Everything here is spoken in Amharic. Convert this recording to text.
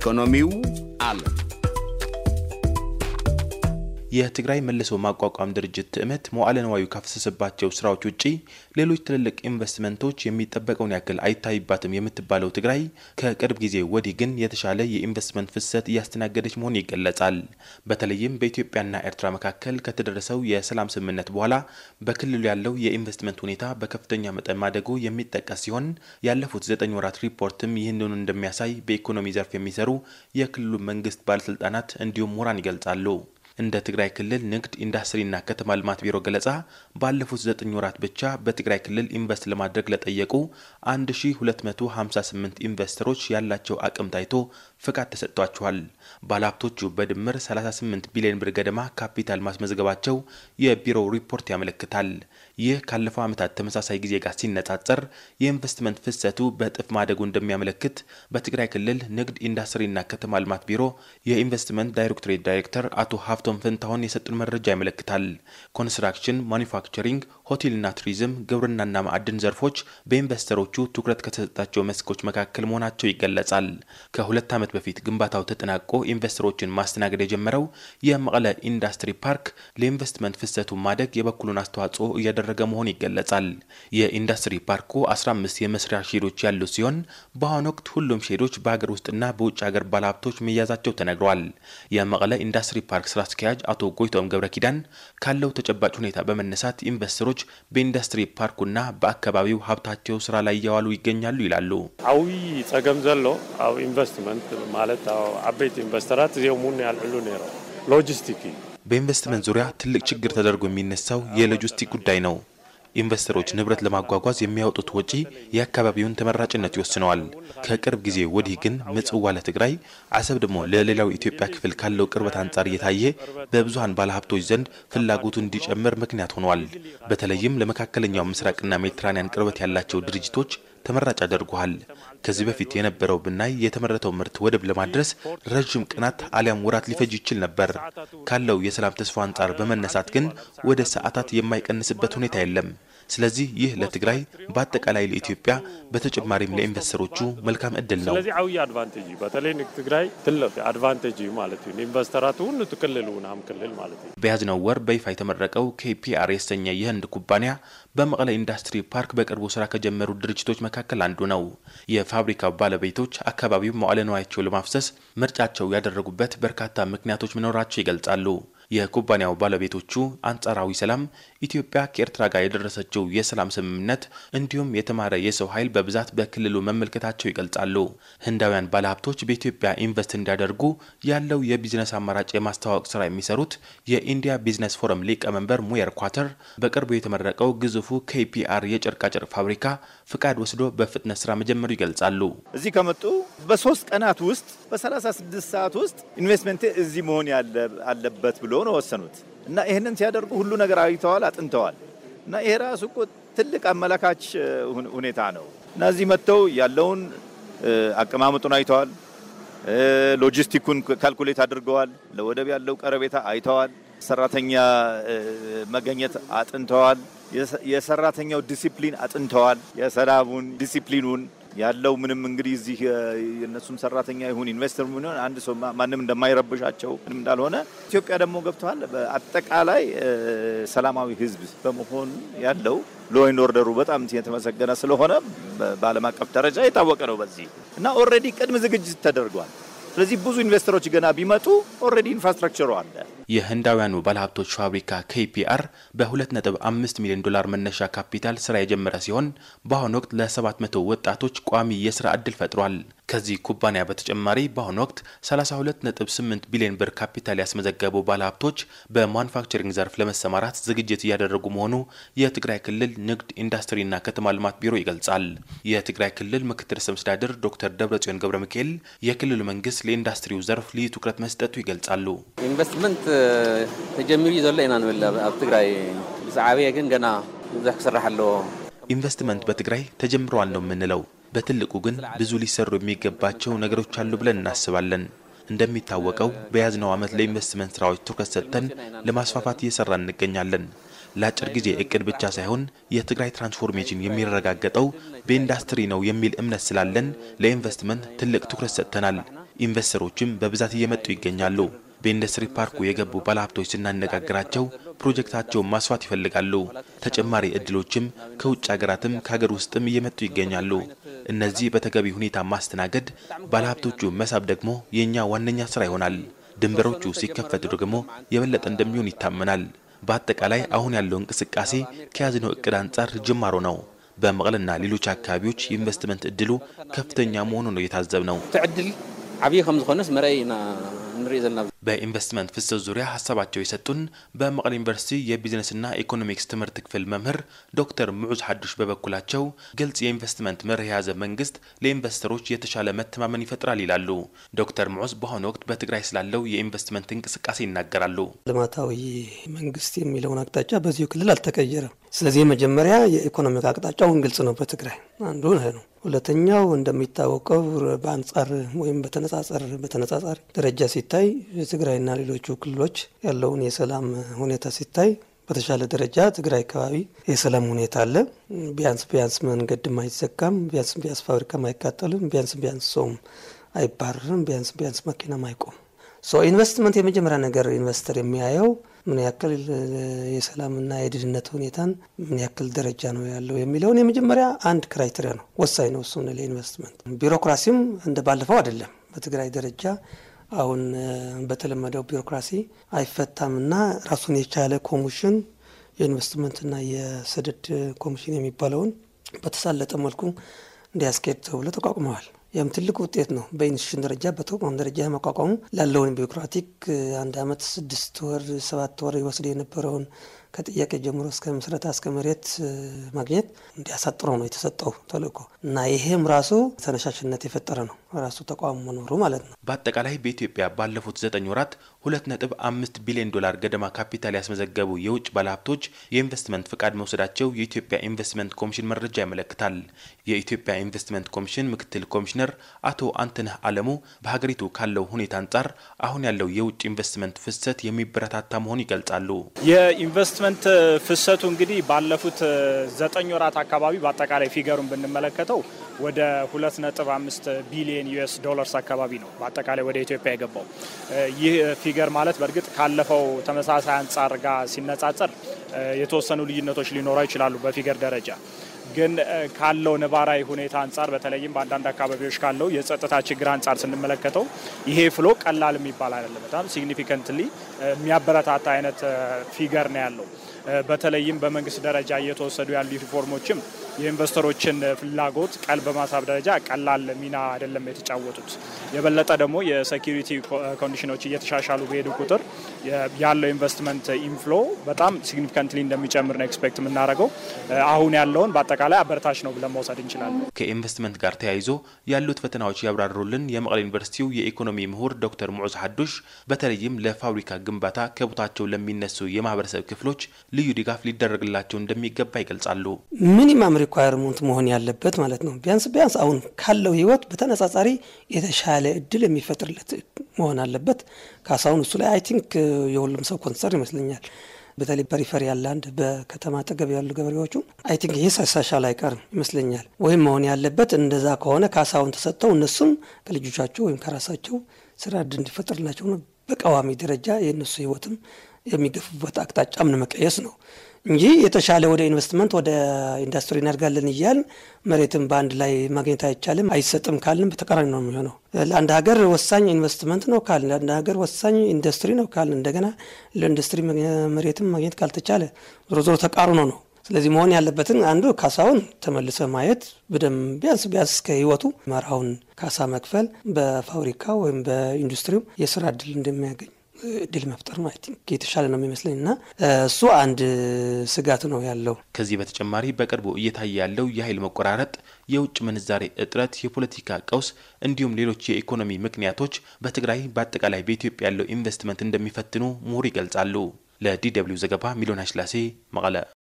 ኢኮኖሚው አለ የትግራይ መልሶ ማቋቋም ድርጅት ትዕመት መዋዕለ ንዋዩ ካፈሰሰባቸው ስራዎች ውጪ ሌሎች ትልልቅ ኢንቨስትመንቶች የሚጠበቀውን ያክል አይታይባትም የምትባለው ትግራይ ከቅርብ ጊዜ ወዲህ ግን የተሻለ የኢንቨስትመንት ፍሰት እያስተናገደች መሆኑ ይገለጻል። በተለይም በኢትዮጵያና ኤርትራ መካከል ከተደረሰው የሰላም ስምምነት በኋላ በክልሉ ያለው የኢንቨስትመንት ሁኔታ በከፍተኛ መጠን ማደጉ የሚጠቀስ ሲሆን ያለፉት ዘጠኝ ወራት ሪፖርትም ይህንኑ እንደሚያሳይ በኢኮኖሚ ዘርፍ የሚሰሩ የክልሉ መንግስት ባለስልጣናት እንዲሁም ምሁራን ይገልጻሉ። እንደ ትግራይ ክልል ንግድ ኢንዱስትሪና ከተማ ልማት ቢሮ ገለጻ ባለፉት ዘጠኝ ወራት ብቻ በትግራይ ክልል ኢንቨስት ለማድረግ ለጠየቁ 1258 ኢንቨስተሮች ያላቸው አቅም ታይቶ ፍቃድ ተሰጥቷቸዋል። ባለሀብቶቹ በድምር 38 ቢሊዮን ብር ገደማ ካፒታል ማስመዝገባቸው የቢሮው ሪፖርት ያመለክታል። ይህ ካለፈው ዓመታት ተመሳሳይ ጊዜ ጋር ሲነጻጸር የኢንቨስትመንት ፍሰቱ በእጥፍ ማደጉ እንደሚያመለክት በትግራይ ክልል ንግድ ኢንዱስትሪና ከተማ ልማት ቢሮ የኢንቨስትመንት ዳይሬክቶሬት ዳይሬክተር አቶ ሀብቶ አቶም ፈንታሁን የሰጡን መረጃ ያመለክታል። ኮንስትራክሽን፣ ማኒፋክቸሪንግ፣ ሆቴልና ቱሪዝም፣ ግብርናና ማዕድን ዘርፎች በኢንቨስተሮቹ ትኩረት ከተሰጣቸው መስኮች መካከል መሆናቸው ይገለጻል። ከሁለት ዓመት በፊት ግንባታው ተጠናቆ ኢንቨስተሮችን ማስተናገድ የጀመረው የመቀለ ኢንዱስትሪ ፓርክ ለኢንቨስትመንት ፍሰቱ ማደግ የበኩሉን አስተዋጽኦ እያደረገ መሆን ይገለጻል። የኢንዱስትሪ ፓርኩ 15 የመስሪያ ሼዶች ያሉት ሲሆን በአሁኑ ወቅት ሁሉም ሼዶች በሀገር ውስጥና በውጭ ሀገር ባለሀብቶች መያዛቸው ተነግሯል። የመቀለ ኢንዱስትሪ ፓርክ ስራ አስኪያጅ አቶ ጎይቶም ገብረ ኪዳን ካለው ተጨባጭ ሁኔታ በመነሳት ኢንቨስተሮች ባለሀብቶች በኢንዱስትሪ ፓርኩና በአካባቢው ሀብታቸው ስራ ላይ እያዋሉ ይገኛሉ ይላሉ። አዊ ጸገም ዘሎ አብ ኢንቨስትመንት ማለት አበይት ኢንቨስተራት ዚኦሙን ያልዕሉ ነይሮ ሎጂስቲክ በኢንቨስትመንት ዙሪያ ትልቅ ችግር ተደርጎ የሚነሳው የሎጂስቲክ ጉዳይ ነው። ኢንቨስተሮች ንብረት ለማጓጓዝ የሚያወጡት ወጪ የአካባቢውን ተመራጭነት ይወስነዋል። ከቅርብ ጊዜ ወዲህ ግን ምጽዋ ለትግራይ፣ አሰብ ደግሞ ለሌላው ኢትዮጵያ ክፍል ካለው ቅርበት አንጻር እየታየ በብዙሀን ባለሀብቶች ዘንድ ፍላጎቱ እንዲጨምር ምክንያት ሆኗል። በተለይም ለመካከለኛው ምስራቅና ሜዲትራኒያን ቅርበት ያላቸው ድርጅቶች ተመራጭ አድርጓል። ከዚህ በፊት የነበረው ብናይ የተመረተው ምርት ወደብ ለማድረስ ረዥም ቀናት አሊያም ወራት ሊፈጅ ይችል ነበር። ካለው የሰላም ተስፋ አንጻር በመነሳት ግን ወደ ሰዓታት የማይቀንስበት ሁኔታ የለም። ስለዚህ ይህ ለትግራይ በአጠቃላይ ለኢትዮጵያ፣ በተጨማሪም ለኢንቨስተሮቹ መልካም እድል ነው። ስለዚህ ዓብይ አድቫንቴጅ በተለይ ትግራይ ትልቅ አድቫንቴጅ ማለት ነው። ኢንቨስተራቱ ሁሉ ትክልል ናም ክልል ማለት ነው። በያዝነው ወር በይፋ የተመረቀው ኬፒአር የተሰኘ የህንድ ኩባንያ በመቀለ ኢንዱስትሪ ፓርክ በቅርቡ ስራ ከጀመሩ ድርጅቶች መካከል አንዱ ነው። የፋብሪካው ባለቤቶች አካባቢው መዋዕለ ንዋያቸው ለማፍሰስ ምርጫቸው ያደረጉበት በርካታ ምክንያቶች መኖራቸው ይገልጻሉ። የኩባንያው ባለቤቶቹ አንጻራዊ ሰላም፣ ኢትዮጵያ ከኤርትራ ጋር የደረሰችው የሰላም ስምምነት እንዲሁም የተማረ የሰው ኃይል በብዛት በክልሉ መመልከታቸው ይገልጻሉ። ህንዳውያን ባለሀብቶች በኢትዮጵያ ኢንቨስት እንዲያደርጉ ያለው የቢዝነስ አማራጭ የማስተዋወቅ ስራ የሚሰሩት የኢንዲያ ቢዝነስ ፎረም ሊቀመንበር ሙየር ኳተር በቅርቡ የተመረቀው ግዙፉ ኬፒአር የጨርቃጨርቅ ፋብሪካ ፍቃድ ወስዶ በፍጥነት ስራ መጀመሩ ይገልጻሉ። እዚህ ከመጡ በሶስት ቀናት ውስጥ በ36 ሰዓት ውስጥ ኢንቨስትመንት እዚህ መሆን አለበት ብሎ ብለው ነው ወሰኑት። እና ይህንን ሲያደርጉ ሁሉ ነገር አይተዋል፣ አጥንተዋል። እና ይሄ ራሱ እኮ ትልቅ አመላካች ሁኔታ ነው። እና እዚህ መጥተው ያለውን አቀማመጡን አይተዋል። ሎጂስቲኩን ካልኩሌት አድርገዋል። ለወደብ ያለው ቀረቤታ አይተዋል። ሰራተኛ መገኘት አጥንተዋል። የሰራተኛው ዲሲፕሊን አጥንተዋል። የሰላሙን ዲሲፕሊኑን ያለው ምንም እንግዲህ እዚህ የእነሱም ሰራተኛ ይሁን ኢንቨስተር ሆን አንድ ሰው ማንም እንደማይረብሻቸው ምንም እንዳልሆነ ኢትዮጵያ ደግሞ ገብተዋል። በአጠቃላይ ሰላማዊ ህዝብ በመሆን ያለው ሎይን ኦርደሩ በጣም የተመሰገነ ስለሆነ በዓለም አቀፍ ደረጃ የታወቀ ነው። በዚህ እና ኦልሬዲ ቅድም ዝግጅት ተደርጓል። ስለዚህ ብዙ ኢንቨስተሮች ገና ቢመጡ ኦልሬዲ ኢንፍራስትራክቸሩ አለ። የህንዳውያኑ ባለሀብቶች ፋብሪካ ኬፒአር በ2.5 ሚሊዮን ዶላር መነሻ ካፒታል ስራ የጀመረ ሲሆን በአሁኑ ወቅት ለ700 ወጣቶች ቋሚ የስራ ዕድል ፈጥሯል። ከዚህ ኩባንያ በተጨማሪ በአሁኑ ወቅት 32.8 ቢሊዮን ብር ካፒታል ያስመዘገቡ ባለሀብቶች በማኑፋክቸሪንግ ዘርፍ ለመሰማራት ዝግጅት እያደረጉ መሆኑ የትግራይ ክልል ንግድ ኢንዱስትሪና ከተማ ልማት ቢሮ ይገልጻል። የትግራይ ክልል ምክትል ርዕሰ መስተዳድር ዶክተር ደብረጽዮን ገብረ ሚካኤል የክልሉ መንግስት ለኢንዱስትሪው ዘርፍ ልዩ ትኩረት መስጠቱ ይገልጻሉ። ኢንቨስትመንት ተጀሚሩ ዘሎ ኢና ንብል ኣብ ትግራይ ብዛዕበየ ግን ገና ብዙሕ ክስራሕ ኣለዎ። ኢንቨስትመንት በትግራይ ተጀምረዋል ነው የምንለው በትልቁ ግን ብዙ ሊሰሩ የሚገባቸው ነገሮች አሉ ብለን እናስባለን። እንደሚታወቀው በያዝነው ዓመት ለኢንቨስትመንት ስራዎች ትኩረት ሰጥተን ለማስፋፋት እየሰራ እንገኛለን። ለአጭር ጊዜ እቅድ ብቻ ሳይሆን የትግራይ ትራንስፎርሜሽን የሚረጋገጠው በኢንዱስትሪ ነው የሚል እምነት ስላለን ለኢንቨስትመንት ትልቅ ትኩረት ሰጥተናል። ኢንቨስተሮችም በብዛት እየመጡ ይገኛሉ። በኢንዱስትሪ ፓርኩ የገቡ ባለሀብቶች ስናነጋግራቸው ፕሮጀክታቸውን ማስፋት ይፈልጋሉ። ተጨማሪ እድሎችም ከውጭ ሀገራትም ከሀገር ውስጥም እየመጡ ይገኛሉ። እነዚህ በተገቢ ሁኔታ ማስተናገድ፣ ባለሀብቶቹ መሳብ ደግሞ የእኛ ዋነኛ ስራ ይሆናል። ድንበሮቹ ሲከፈቱ ደግሞ የበለጠ እንደሚሆን ይታመናል። በአጠቃላይ አሁን ያለው እንቅስቃሴ ከያዝነው እቅድ አንጻር ጅማሮ ነው። በመቀለና ሌሎች አካባቢዎች የኢንቨስትመንት እድሉ ከፍተኛ መሆኑ ነው የታዘብ ነው። በኢንቨስትመንት ፍሰት ዙሪያ ሀሳባቸው የሰጡን በመቀለ ዩኒቨርሲቲ የቢዝነስና ኢኮኖሚክስ ትምህርት ክፍል መምህር ዶክተር ምዑዝ ሀዱሽ በበኩላቸው ግልጽ የኢንቨስትመንት መርህ የያዘ መንግስት ለኢንቨስተሮች የተሻለ መተማመን ይፈጥራል ይላሉ። ዶክተር ምዑዝ በአሁኑ ወቅት በትግራይ ስላለው የኢንቨስትመንት እንቅስቃሴ ይናገራሉ። ልማታዊ መንግስት የሚለውን አቅጣጫ በዚሁ ክልል አልተቀየረም። ስለዚህ መጀመሪያ የኢኮኖሚክ አቅጣጫውን ግልጽ ነው በትግራይ አንዱ ነው። ሁለተኛው እንደሚታወቀው በአንጻር ወይም በተነጻጸር በተነጻጻሪ ደረጃ ሲታይ ትግራይና ሌሎቹ ክልሎች ያለውን የሰላም ሁኔታ ሲታይ በተሻለ ደረጃ ትግራይ አካባቢ የሰላም ሁኔታ አለ። ቢያንስ ቢያንስ መንገድም አይዘጋም፣ ቢያንስ ቢያንስ ፋብሪካም አይቃጠልም፣ ቢያንስ ቢያንስ ሰውም አይባረርም፣ ቢያንስ ቢያንስ መኪናም አይቆም። ኢንቨስትመንት የመጀመሪያ ነገር ኢንቨስተር የሚያየው ምን ያክል የሰላምና የድህነት ሁኔታን ምን ያክል ደረጃ ነው ያለው የሚለውን የመጀመሪያ አንድ ክራይቴሪያ ነው፣ ወሳኝ ነው እሱን ለኢንቨስትመንት። ቢሮክራሲም እንደ ባለፈው አይደለም። በትግራይ ደረጃ አሁን በተለመደው ቢሮክራሲ አይፈታምና ራሱን የቻለ ኮሚሽን የኢንቨስትመንትና የስድድ ኮሚሽን የሚባለውን በተሳለጠ መልኩ እንዲያስኬድ ተብሎ ተቋቁመዋል። ያም ትልቅ ውጤት ነው። በኢንስቲቱሽን ደረጃ በተቋም ደረጃ መቋቋሙ ላለውን ቢሮክራቲክ አንድ አመት ስድስት ወር ሰባት ወር ይወስድ የነበረውን ከጥያቄ ጀምሮ እስከ ምስረታ እስከ መሬት ማግኘት እንዲያሳጥረው ነው የተሰጠው ተልእኮ እና ይሄም ራሱ ተነሻሽነት የፈጠረ ነው ራሱ ተቋም መኖሩ ማለት ነው። በአጠቃላይ በኢትዮጵያ ባለፉት ዘጠኝ ወራት ሁለት ነጥብ አምስት ቢሊዮን ዶላር ገደማ ካፒታል ያስመዘገቡ የውጭ ባለሀብቶች የኢንቨስትመንት ፍቃድ መውሰዳቸው የኢትዮጵያ ኢንቨስትመንት ኮሚሽን መረጃ ያመለክታል። የኢትዮጵያ ኢንቨስትመንት ኮሚሽን ምክትል ኮሚሽነር አቶ አንትነህ አለሙ በሀገሪቱ ካለው ሁኔታ አንጻር አሁን ያለው የውጭ ኢንቨስትመንት ፍሰት የሚበረታታ መሆኑ ይገልጻሉ። የኢንቨስትመንት ፍሰቱ እንግዲህ ባለፉት ዘጠኝ ወራት አካባቢ በአጠቃላይ ፊገሩን ብንመለከተው ወደ 2.5 ቢሊዮን ዩኤስ ዶላርስ አካባቢ ነው በአጠቃላይ ወደ ኢትዮጵያ የገባው። ይህ ፊገር ማለት በእርግጥ ካለፈው ተመሳሳይ አንጻር ጋር ሲነጻጸር የተወሰኑ ልዩነቶች ሊኖረው ይችላሉ በፊገር ደረጃ ግን ካለው ነባራዊ ሁኔታ አንጻር በተለይም በአንዳንድ አካባቢዎች ካለው የጸጥታ ችግር አንጻር ስንመለከተው ይሄ ፍሎ ቀላል የሚባል አይደለም። በጣም ሲግኒፊካንትሊ የሚያበረታታ አይነት ፊገር ነው ያለው። በተለይም በመንግስት ደረጃ እየተወሰዱ ያሉ ሪፎርሞችም የኢንቨስተሮችን ፍላጎት ቀል በማሳብ ደረጃ ቀላል ሚና አይደለም የተጫወቱት። የበለጠ ደግሞ የሴኪሪቲ ኮንዲሽኖች እየተሻሻሉ በሄዱ ቁጥር ያለው ኢንቨስትመንት ኢንፍሎ በጣም ሲግኒፊካንትሊ እንደሚጨምር ነው ኤክስፔክት የምናደርገው። አሁን ያለውን በአጠቃላይ አበረታች ነው ብለን መውሰድ እንችላለን። ከኢንቨስትመንት ጋር ተያይዞ ያሉት ፈተናዎች ያብራሩልን የመቀሌ ዩኒቨርሲቲው የኢኮኖሚ ምሁር ዶክተር ሙዑዝ ሀዱሽ በተለይም ለፋብሪካ ግንባታ ከቦታቸው ለሚነሱ የማህበረሰብ ክፍሎች ልዩ ድጋፍ ሊደረግላቸው እንደሚገባ ይገልጻሉ። ሪኳየርመንት መሆን ያለበት ማለት ነው። ቢያንስ ቢያንስ አሁን ካለው ህይወት በተነጻጻሪ የተሻለ እድል የሚፈጥርለት መሆን አለበት። ካሳሁን እሱ ላይ አይ ቲንክ የሁሉም ሰው ኮንሰር ይመስለኛል። በተለይ በሪፈር ያለ አንድ በከተማ አጠገብ ያሉ ገበሬዎቹ አይ ቲንክ ይህ ሳሻሻል አይቀርም ይመስለኛል። ወይም መሆን ያለበት እንደዛ ከሆነ ካሳሁን ተሰጥተው እነሱም ከልጆቻቸው ወይም ከራሳቸው ስራ እድል እንዲፈጥርላቸው ነው። በቀዋሚ ደረጃ የእነሱ ህይወትም የሚገፉበት አቅጣጫ ምን መቀየስ ነው እንጂ የተሻለ ወደ ኢንቨስትመንት ወደ ኢንዱስትሪ እናድርጋለን እያል መሬትን በአንድ ላይ ማግኘት አይቻልም፣ አይሰጥም ካልን በተቃራኒ ነው የሚሆነው። ለአንድ ሀገር ወሳኝ ኢንቨስትመንት ነው ካልን፣ ለአንድ ሀገር ወሳኝ ኢንዱስትሪ ነው ካልን፣ እንደገና ለኢንዱስትሪ መሬትም ማግኘት ካልተቻለ ዞሮ ዞሮ ተቃርኖ ነው። ስለዚህ መሆን ያለበትን አንዱ ካሳውን ተመልሰ ማየት በደንብ ቢያንስ ቢያንስ ከህይወቱ መራውን ካሳ መክፈል በፋብሪካ ወይም በኢንዱስትሪው የስራ እድል እንደሚያገኝ ድል መፍጠር ነው የተሻለ ነው የሚመስለኝ እና እሱ አንድ ስጋት ነው ያለው። ከዚህ በተጨማሪ በቅርቡ እየታየ ያለው የኃይል መቆራረጥ፣ የውጭ ምንዛሬ እጥረት፣ የፖለቲካ ቀውስ እንዲሁም ሌሎች የኢኮኖሚ ምክንያቶች በትግራይ በአጠቃላይ በኢትዮጵያ ያለው ኢንቨስትመንት እንደሚፈትኑ ምሁር ይገልጻሉ። ለዲ ደብልዩ ዘገባ ሚሊዮን አሽላሴ መቀለ